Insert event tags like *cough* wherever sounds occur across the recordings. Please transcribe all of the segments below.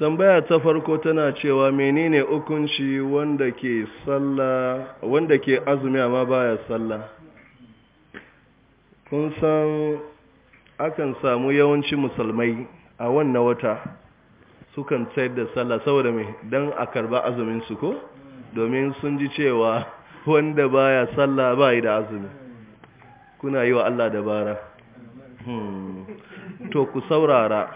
tambaya ta farko tana cewa menene hukunci wanda ke wanda ke azumi amma baya sallah? kun san akan samu yawancin musulmai a wannan wata sukan tsayar da sallah saboda mai dan a karba azuminsu su ko domin sun ji cewa wanda baya salla bai da azumi kuna yi wa Allah dabara hmm. to ku saurara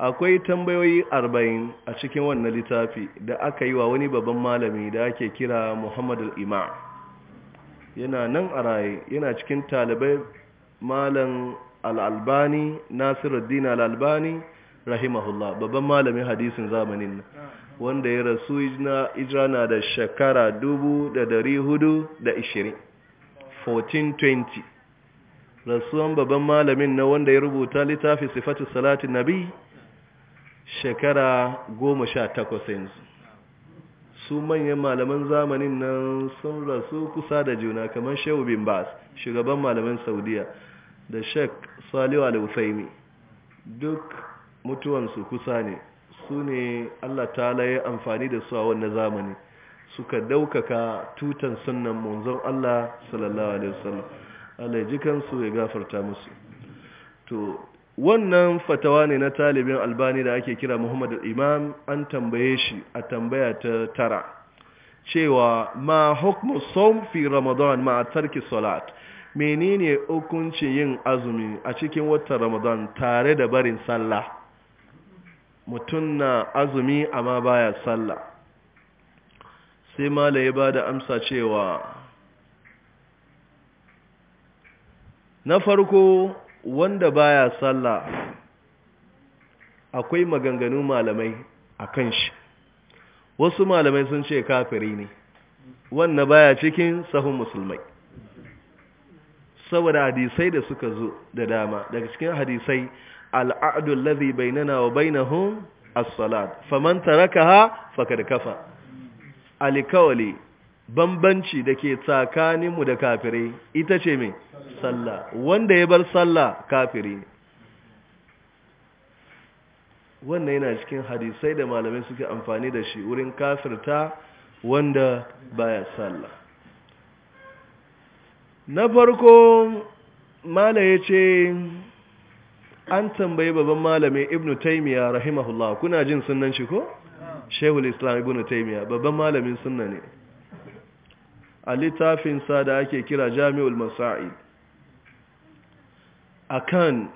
akwai tambayoyi arba'in a cikin wannan littafi da aka yi wa wani babban malami da ake kira muhammad al'ima yana nan a raye yana cikin talibai malam al'albani nasiruddin al'albani rahimahullah babban malamin hadisin zamanin wanda ya rasu ijira na da shekara ishirin. 1420 rasuwan babban malamin na wanda ya rubuta littafi sifatu salatin nabi shekara goma sha takwas yanzu su manyan malaman zamanin nan sun rasu kusa da juna kamar shehu bin bas shugaban malaman saudiya da shek saliwa al-ufaimi duk mutuwansu kusa ne su ne allah ta ya amfani da su a wannan zamani suka daukaka tutan sunan munzon allah sallallahu alaihi wasallam allah ya ji kansu ya gafarta musu to wannan fatawa ne na talibin albani da ake kira muhammadu imam an tambaye shi a tambaya ta tara cewa ma hukmu som fi ramadan ma tarki salat menene hukunci yin azumi a cikin watan ramadan tare da barin sallah mutum na azumi amma baya sallah sai mala ya ba da amsa cewa na farko wanda baya sallah akwai maganganu malamai a kan shi wasu malamai sun ce kafiri ne wanda baya cikin sahun musulmai saboda hadisai da suka zo da dama daga cikin hadisai al'adul ladhi bainana wa bainahum as-salat faman tarakaha faqad kafa alikawli bambanci da ke tsakaninmu da kafirai ita ce mai sallah wanda ya bar sallah kafiri wannan yana cikin hadisai da malamai suke amfani da shi wurin kafirta wanda baya sallah na farko mala ya ce an tambayi babban malamin ibnu taimiyya rahimahullah kuna jin sunan shi ko shehul islam ibnu taimiyya babban malamin sunna ne a littafinsa da ake kira jami'ul masa'id akan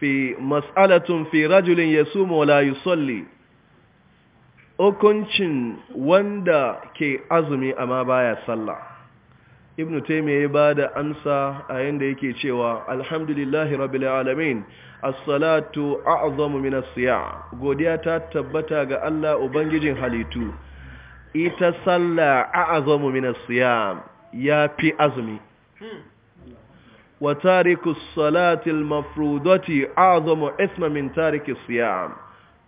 fi mas'alatun fi rajulin yasumu wala yusalli hukuncin wanda ke azumi amma baya sallah ibnu taymiya ya ba da amsa a yadda yake cewa alhamdulillahi rabbil alamin as-salatu a'zamu min as godiya ta tabbata ga Allah ubangijin halittu ita sallah a min as-siyam fi azumi hmm. wa tariku salatil al a a'zamu isma min tariki siyam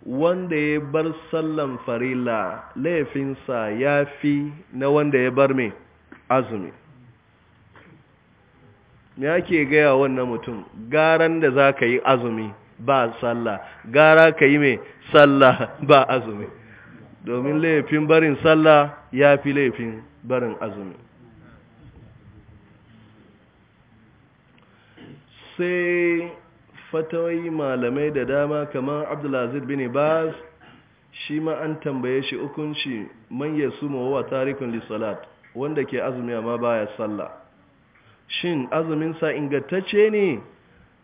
wanda ya bar sallan farila laifinsa fi na wanda ya bar mai azumi me ke gaya wannan mutum garan da za ka yi azumi ba sallah gara ka yi mai sallah ba azumi domin laifin barin sallah ya fi laifin barin azumi sai fatawai malamai da dama kamar abdulaziz bin baz shi ma an tambaye shi hukunci manya su mawa wa tarikun lissalat wanda ke azumi amma baya sallah shin azuminsa ingantacce ne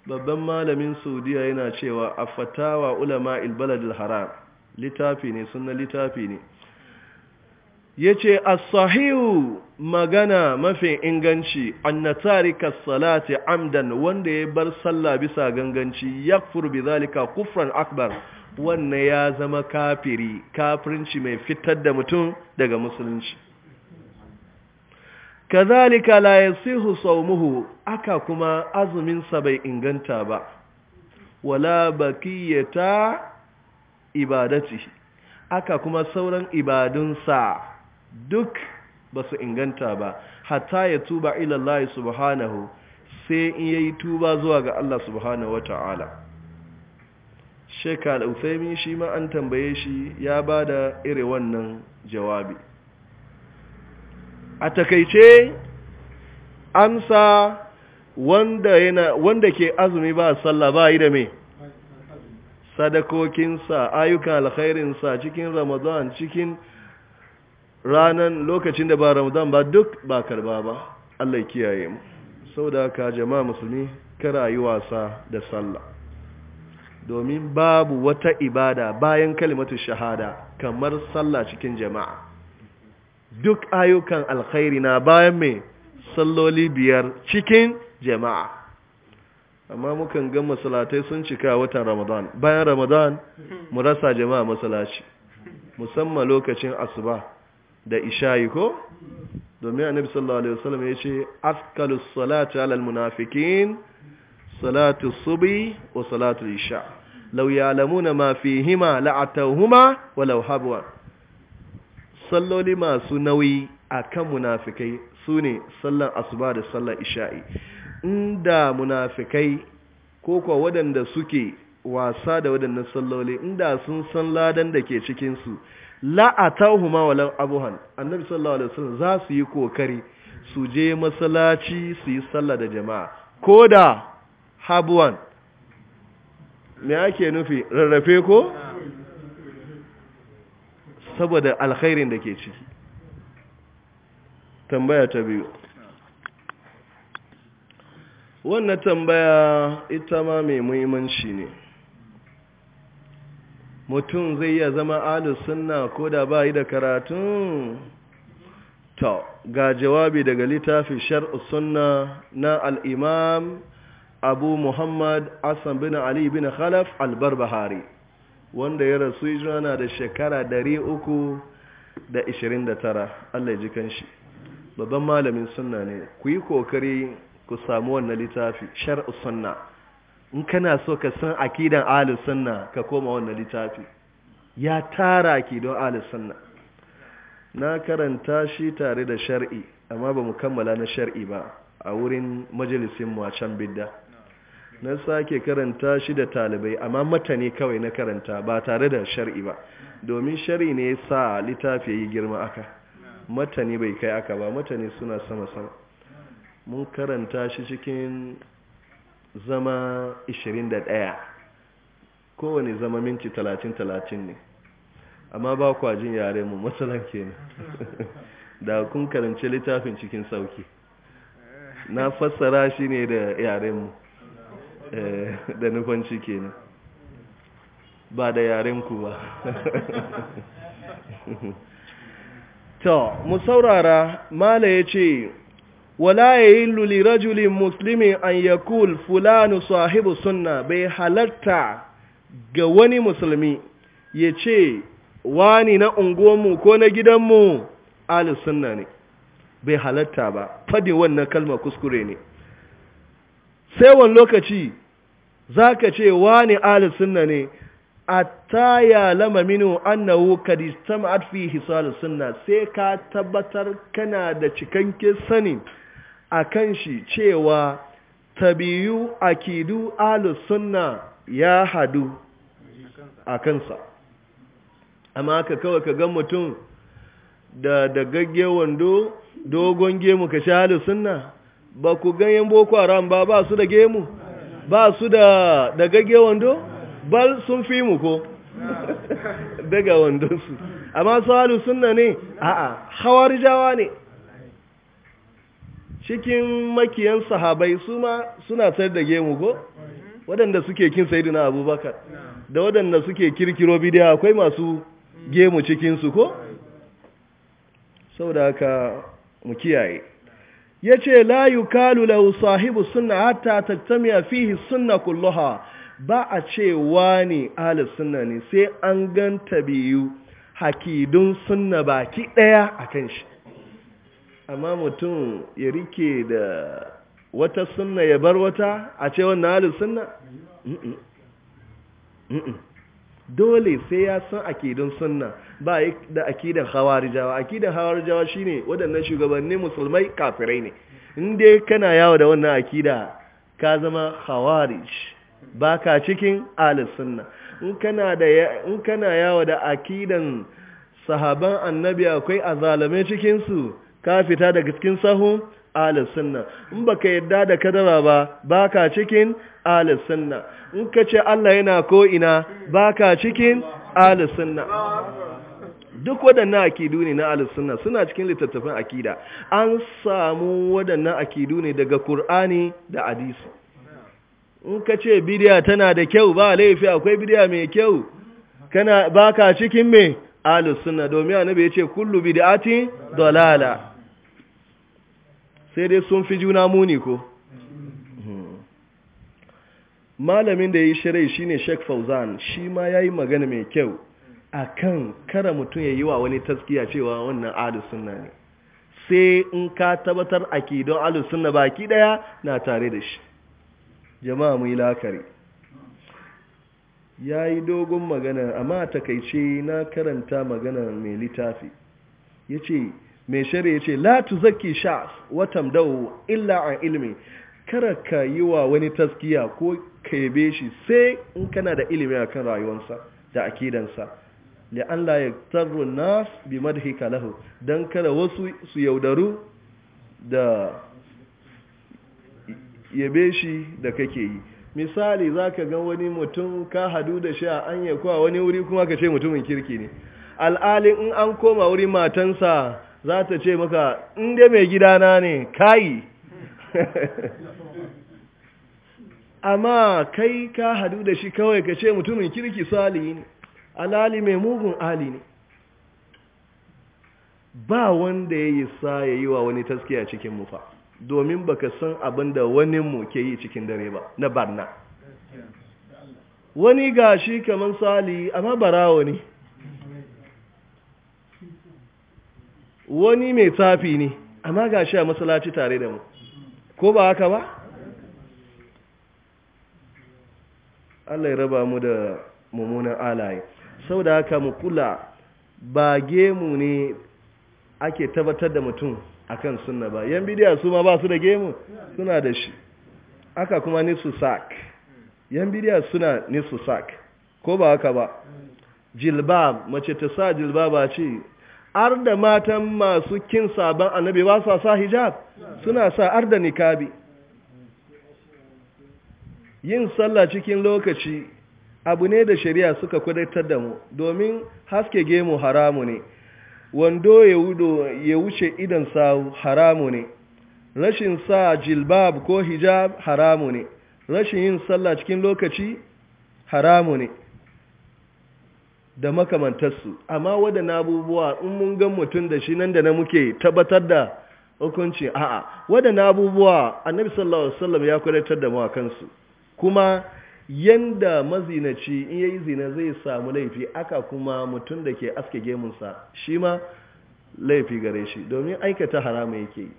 babban malamin saudiya yana cewa a fatawa ulama ilbaladil haram littafi ne suna littafi ne ya ce asahihu magana mafi inganci anna tarika salati amdan wanda ya bar sallah bisa ganganci ya bi zalika kufran akbar wannan ya zama kafiri kafirinci mai fitar da mutum daga musulunci kazalika la yasihu sawmuhu aka kuma azumin sa bai inganta ba wala bakiyata ibadati aka kuma sauran ibadunsa duk ba su inganta ba hatta ya tuba ilallahi subhanahu sai in yayi tuba zuwa ga Allah subhanahu wata'ala ta'ala. Shekaru shi ma an tambaye shi ya ba da irin wannan jawabi a takaice, amsa wanda yana wanda ke azumi ba sallah ba yi da me sadakokinsa ayyukan alkhairinsa cikin ramadan cikin ranan lokacin da ba ramadan ba duk ba karba ba Allah ya kiyaye mu saboda ka jama'a musulmi kara yi wasa da sallah domin babu wata ibada bayan kalimatu shahada kamar sallah cikin jama'a duk ayyukan alkhairi na bayan mai salloli biyar cikin jama'a amma mukan ga masalatai sun cika watan ramadan bayan ramadan mu rasa jama'a masalaci musamman lokacin asuba da isha'i ko domin annabi sallallahu alaihi wasallam ya ce afkalus salati alal munafikin salatu subi wa salatu isha law ya'lamuna ma fihima wa law habwa salloli masu nauyi akan munafikai sune sallan asuba da sallan isha'i inda munafikai ko kuwa waɗanda suke wasa da waɗannan salloli inda sun san ladan da ke cikinsu la'atahu ma walan abuhan annabi sallallahu alaihi wasallam za su yi kokari su je masallaci su yi sallah da jama'a koda habuwan me ake nufi rarrafe ko saboda alkhairin da ke ciki tambaya ta biyu wannan tambaya ita ma mai muhimmanci ne mutum zai iya zama alisunna ko da ba yi da karatun ta ga jawabi daga littafi sunna na al'imam abu muhammad asan bin ali bin khalaf albarbahari wanda ya rasu na da shekara 329 allah ji kanshi. babban malamin sunna ne ku yi kokari ku samu wannan littafi shar'u sunna in kana so ka san akidan ahlus sunna ka koma wannan littafi ya tara ki don ahlus sunna na karanta shi tare da shar'i amma ba mu kammala na shar'i ba a wurin majalisin mu a can bidda na sake karanta shi da talibai amma matane kawai na karanta ba tare da shar'i ba domin shar'i ne ya sa littafi ya yi girma aka matane bai kai aka ba matane suna sama sama mun karanta shi cikin zama 21 kowane zama minti 30-30 ne amma ba kwajin yare mu matsalan kenan *laughs* da kun karanci littafin cikin sauki na fassara shi ne da yare mu eh, da nufanci kenan ba da yaren ku ba *laughs* to mu saurara mala ya ce wala yahillu li rajulin muslimin an yakul Fulani sahibu sunna bai halarta ga wani musulmi ya ce wani na unguwanmu ko na gidanmu Ali sunna ne bai halarta ba fadin wannan kalma kuskure ne sai wani lokaci za ka ce wani Ali sunna ne atta ya lama minu annahu Kadistam istama'at fihi salus sai ka tabbatar kana da cikakken sanin a kan shi cewa tabiyu akidu sunna ya hadu a kansa amma ka kawai ka gan mutum da dagagge wando dogon gemu ka sha sunna ba ku ganyen boko haram ba ba su da gemu ba su da dagagge wando bal sun fi mu ko *laughs* daga wandonsu amma su sunna ne a'a hawar jawa ne cikin makiyan sahabai su ma suna sayar da gemu ko waɗanda suke kin na abubakar da waɗanda suke kirkiro bidiya akwai masu gemu cikinsu ko sau da aka mu kiyaye ya ce la kalu lahu sahibu suna hatta tattamiya fihi suna kulluha ba a ce wani ala suna ne sai an ganta biyu hakidun suna baki ɗaya a kan shi amma mutum ya rike da wata sunna ya bar wata a ce wannan halin sunna dole sai ya san akidun sunna ba da akidan hawarijawa akidan hawarijawa shine waɗannan shugabannin musulmai kafirai ne inda kana yawo da wannan akida ka zama hawarij ba ka cikin alis sunna in kana yawo da akidan sahaban annabi akwai a zalame cikinsu ka fita daga cikin sahun alis sunna in baka yadda da kadara ba baka cikin alis sunna in ka ce Allah yana ko'ina, ina baka cikin alis sunna duk waɗannan akidu ne na alis sunna suna cikin littattafan akida an samu waɗannan akidu ne daga Qur'ani da hadisi in ka ce bidiya tana da kyau ba laifi akwai bidiya mai kyau kana baka cikin me alis sunna domin annabi ya ce kullu bid'atin dalala sai dai sun fi juna muni ko malamin da ya yi shirai shine Sheikh Fauzan shi ma ya yi magana mai kyau a kan kara mutum ya yi wa wani taskiya cewa wannan alusunna ne sai in ka tabbatar a don ahlus sunna baki daya na tare da shi jama'a mu yi lakari yi dogon magana amma takaice na karanta magana mai littafi yace mai shari ya ce latu zaki sha, watan dawo illa a ilimi kara ka yi wa wani taskiya ko ka yabe shi sai in kana da ilimi a kan rayuwarsa da akidansa da an ya tarun nas bi madhi kalahu. don kada wasu su yaudaru da yabe shi da kake yi misali za ka ga wani mutum ka hadu da shi a an kuwa wani wuri kuma ka ce mutumin kirki ne al'alin in an koma wuri matansa za ta ce maka inda mai gidana ne kayi *laughs* amma kai ka hadu da shi kawai ka ce mutumin kirki sali ne alali mai mugun ali ne ba wanda ya yi sa ya yi wa wani taskiya cikin mufa domin ba ka san abin da wani mu ke yi cikin dare ba na barna wani gashi kamar salihi amma barawo ne wani mai tafi ne amma ga shi a masalaci tare da mu ko ba haka ba Allah ya raba mu da mummunan alaye sau da haka mu kula ba gemu ne ake tabbatar da mutum akan sunna ba yan bidiya su ma ba su da gemu suna da shi aka kuma nisu sak yan bidiya suna nisu sak ko ba haka ba Jilba, mace ta sa jilba ba ce ar da matan masu kin sabon annabi ba sa sa hijab suna sa ar da nikabi yin sallah cikin lokaci abu ne da shari'a suka kudatar da mu domin haske gemu haramu ne wando ya wuce idan sawu haramu ne rashin sa jilbab ko hijab haramu ne rashin yin sallah cikin lokaci haramu ne da makamantarsu amma waɗannan abubuwa in mun gan mutum da shi nan da na muke tabbatar da hukunci a'a na abubuwa annabi sallallahu alaihi wasallam ya kwadatar da mu kansu kuma yanda mazinaci in yayi zina zai samu laifi aka kuma mutum da ke aske gemunsa shi ma laifi gare shi domin aikata harama yake yi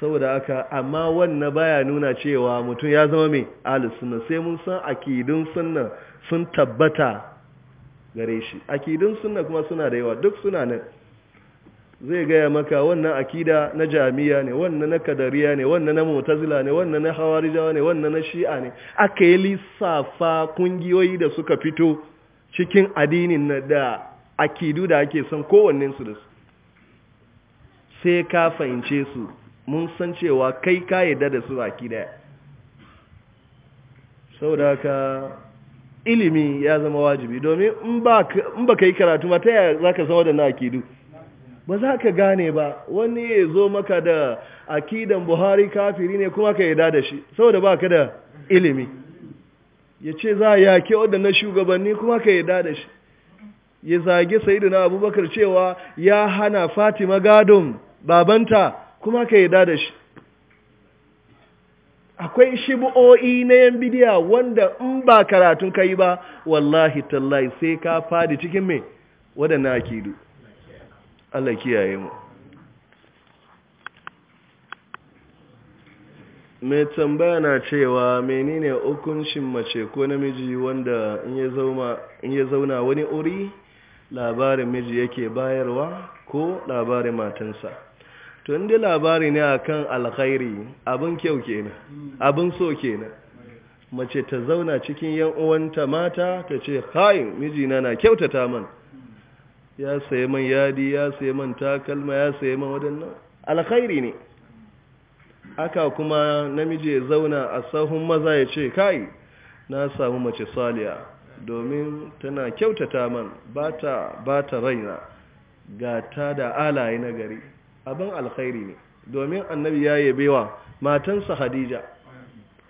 saboda aka amma wannan baya nuna cewa mutum ya zama mai ahlus sai mun san akidun sunna sun tabbata gare shi akidun suna kuma suna da yawa duk suna nan zai gaya maka wannan akida na jami'a ne wannan na kadariya ne wannan na mutazila ne wannan na hawarijawa ne wannan na shi'a ne aka yi lissafa kungiyoyi da suka fito cikin adinin da akidu da ake son kowanne su da su sai ka fahimce su mun san cewa kai ka yadda da su akida saboda ka. ilimi ya zama wajibi domin in ba ka yi karatu ma ta yaya za ka san waɗannan akidu ba za ka gane ba wani ya zo maka da akidan buhari kafiri ne kuma ka yada da shi saboda ba ka da ilimi ya ce za a yake na shugabanni kuma ka yada da shi ya zage na abubakar cewa ya hana fatima gadon babanta kuma ka yada da shi akwai shibo'o'i na yan bidiya wanda in ba karatun kai ba wallahi tallahi sai ka fadi cikin waɗanda waɗannan du Allah kiyaye mu mai tambaya na cewa menene hukuncin mace ko namiji wanda in ya zauna wani uri labarin miji yake bayarwa ko labarin matansa to inda labari ne akan alkhairi abin kyau na. abin so kenan mace ta zauna cikin yan uwanta mata ta ce hai mijina na kyautata man ya sayi man yadi ya sayi man takalma ya sayi man wadannan alkhairi ne aka kuma namiji ya zauna a sahun maza ya ce kai na samu mace saliya domin tana kyautata man ba ta raina ga ta da alaye na gari abin alkhairi ne domin annabi ya yabe wa matansa Hadija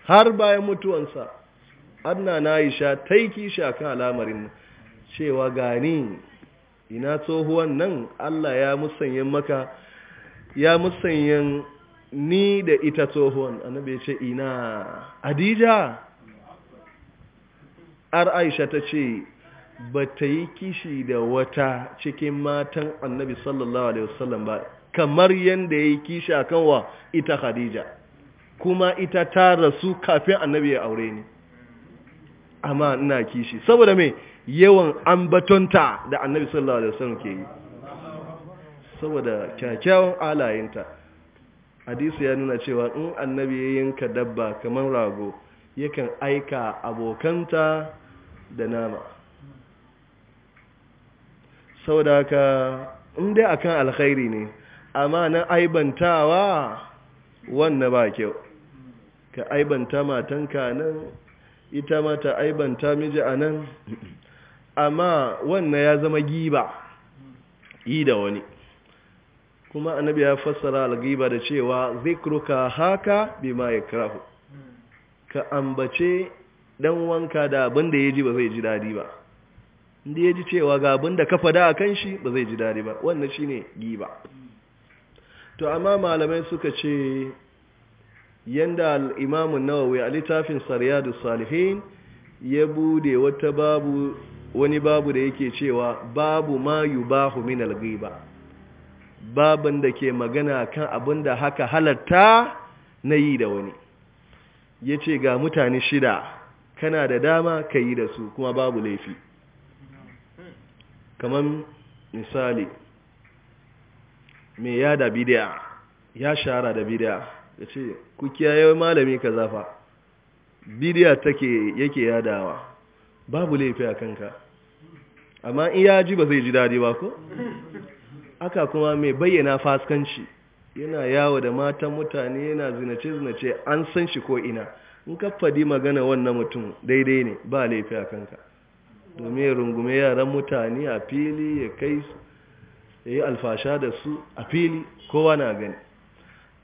har bayan mutuwansa adna na Aisha taiki shi kan al'amarin cewa gani ina tsohuwan nan Allah ya musanyen maka ya musanyen ni da ita tsohuwan annabi ya ce ina Hadija ar Aisha ta ce ba ta yi kishi da wata cikin matan annabi sallallahu alaihi wasallam ba kamar yadda ya yi kishi a kanwa ita khadija kuma ita ta rasu kafin annabi ya aure ni amma ina kishi saboda mai yawan ambatonta da annabi sallallahu alaihi wasallam ke yi saboda kyakkyawan alayinta hadisi ya nuna cewa in annabi ya yinka dabba kamar rago yakan aika abokanta da nama da haka in dai akan alkhairi ne amma na aibantawa wannan ba kyau ka aibanta matanka nan ita mata aibanta miji a nan amma wannan ya zama giba yi da wani kuma annabi ya fassara al da cewa zikruka haka bima yakrahu ka ambace dan wanka da abin da yaji ba zai ji dadi ba inda yaji cewa ga abin da ka fada akan shi ba zai ji dadi ba wannan shine giba to amma malamai suka ce yanda al'imamun nawawi a littafin da salihin ya bude wata babu wani babu da yake cewa babu ma yubahu min al ba. babin da ke magana kan abin da haka halatta na yi da wani ya ce ga mutane shida kana da dama ka yi da su kuma babu laifi kamar misali mai da bidiya ya shara da bidiya ya ce ku kiyaye malami ka zafa bidiya take yake yadawa babu laifi a kanka amma in ya ji ba zai ji daɗi ba ko aka kuma mai bayyana faskanci yana yawo da matan mutane yana zinace-zinace an san shi ko ina in ka magana wannan mutum daidai ne ba laifi a kanka domin rungume yaran mutane a fili ya kai su yayi alfasha da su a fili kowa na gani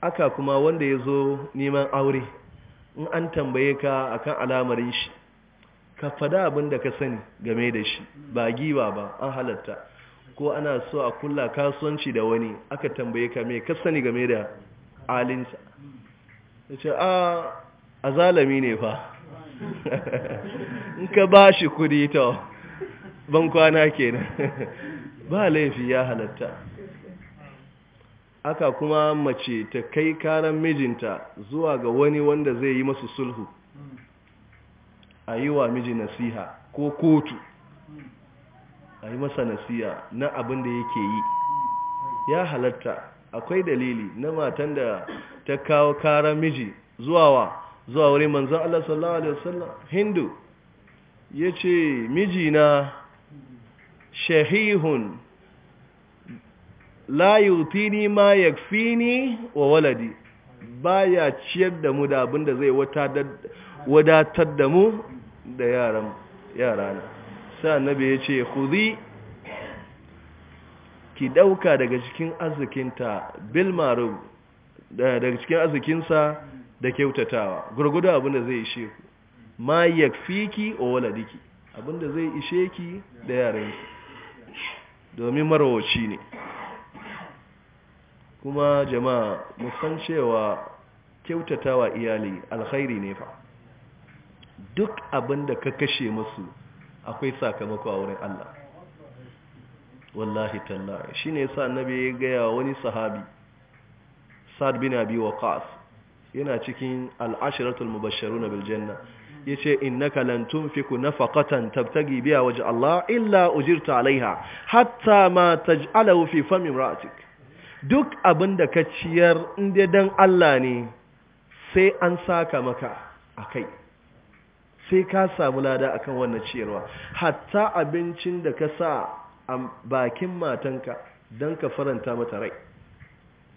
aka kuma wanda ya zo neman aure in an tambaye ka akan alamarin shi ka fada abin da ka sani game da shi ba giwa ba an halatta ko ana so a kula kasuwanci da wani aka tambaye ka me ka sani game da alinsa ya ce a zalami ne fa *laughs* in ka ba shi kudi ta ban kwana kenan *laughs* ba laifi ya halatta aka kuma mace ta kai karan mijinta zuwa ga wani wanda zai yi masu sulhu a yi wa miji nasiha ko kotu a yi masa nasiha na abin da yake yi ya halatta akwai dalili na matan da ta kawo karan miji zuwa wa zuwa wuri manzan Allah sallallahu Alaihi wasallam hindu ya ce miji na. shahihun la yutini ma yakfini wa waladi baya ciyar da mu da abin da zai wadatar da mu da yaran yarana sa nabi ya ce ki dauka daga cikin arzikinta bil daga cikin arzikinsa da kyautatawa gurgudu abin da zai ishe ku ma yakfiki wa waladiki abin da zai ishe ki da yaranki domin marawaci ne kuma jama'a musan cewa kyautatawa iyali alkhairi ne fa duk abin da ka kashe musu akwai sakamako a wurin Allah wallahi tallahi shine yasa annabi ya gaya wani sahabi Sa'd bin Abi kas yana cikin al-ashratul mubashshiruna bil janna ya ce innaka lan na faƙatan tabtagi biya waje Allah illa ujirta alaiha hatta ma taj'alahu fi famin imra'atik duk abinda ka ciyar inda dan Allah ne sai an saka maka akai sai ka samu lada akan wannan ciyarwa hatta abincin da ka sa a bakin matanka don ka faranta mata rai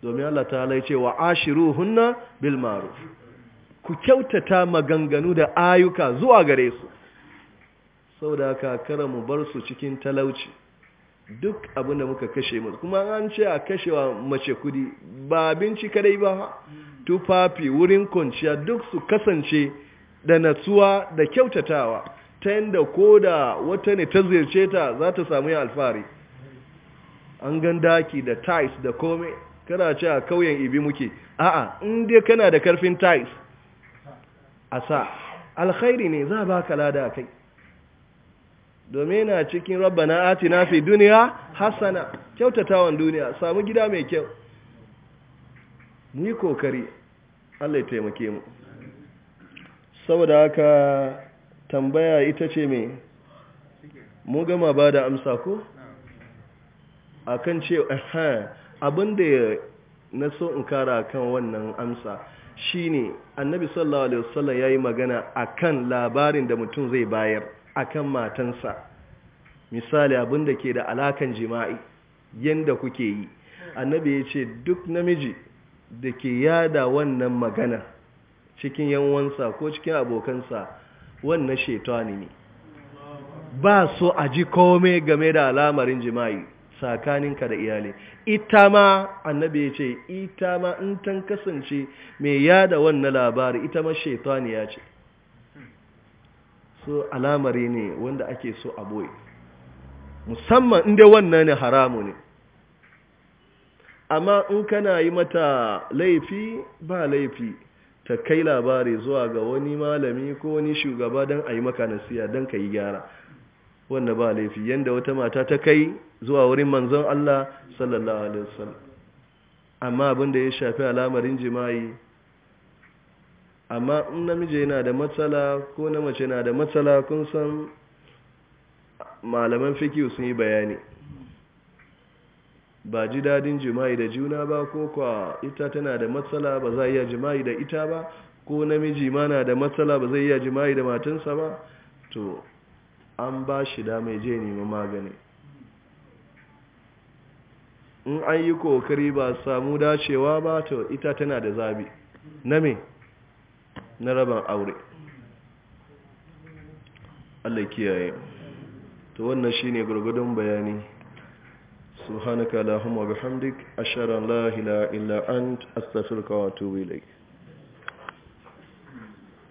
domin Allah ta wa cewa hunna bil ma'ruf ku kyautata maganganu da ayuka zuwa gare su saboda aka kara mu bar su cikin talauci duk abin da muka kashe musu kuma an ce a kashewa mace kudi ba binci kadai ba tufafi wurin kwanciya duk su kasance da natsuwa da kyautatawa ta yadda ko da wata ne ta ziyarce ta za ta samu yin alfahari an gan daki da tais da kome kana ce a kauyen ibi muke a'a in dai kana da karfin tais a sa alkhairi ne za ba ka lada kai domin na cikin rabba na ati na fi duniya hasana kyautatawan duniya samu gida mai kyau Ni kokari Allah taimake mu saboda haka tambaya ita ce mai mu gama ba da amsa ko akan ce eh, abinda na so in kara kan wannan amsa Shi ne annabi sallallahu alaihi wasallam yi magana akan labarin da mutum zai bayar akan matansa misali abinda ke da alakan jima'i yadda kuke yi annabi ya ce duk namiji da ke yada wannan magana cikin yanwansa ko cikin abokansa wannan shetani ne ba so a ji kome game da alamarin jima'i ka da iyali ita ma annabi ya ce ita ma in tan kasance mai yada wannan labari ita ma ya ce so alamari ne wanda ake so a boye musamman inda wannan ne haramu ne amma in kana yi mata laifi ba laifi ta kai labari zuwa ga wani malami ko wani shugaba don a yi maka nasiya don ka yi gyara wanda ba laifi yanda wata mata ta kai zuwa wurin manzon Allah sallallahu alaihi wasallam amma abin da ya shafi al'amarin jima'i amma in namiji yana da matsala ko na mace yana da matsala kun san malaman fikiyu sun yi bayani ba ji dadin jima'i da juna ba ko kwa ita tana da matsala ba za iya jima'i da ita ba ko namiji ma na da matsala ba zai iya jima'i da matansa ba to an ba shi da mai je nemi magani in an yi kokari ba samu dacewa ba to ita tana da zabi na me na rabin aure Allah kiyaye to wannan shine gurgudun bayani subhanaka allahumma bihamdik ashhadu an la ilaha illa ant astaghfiruka wa atubu ilayk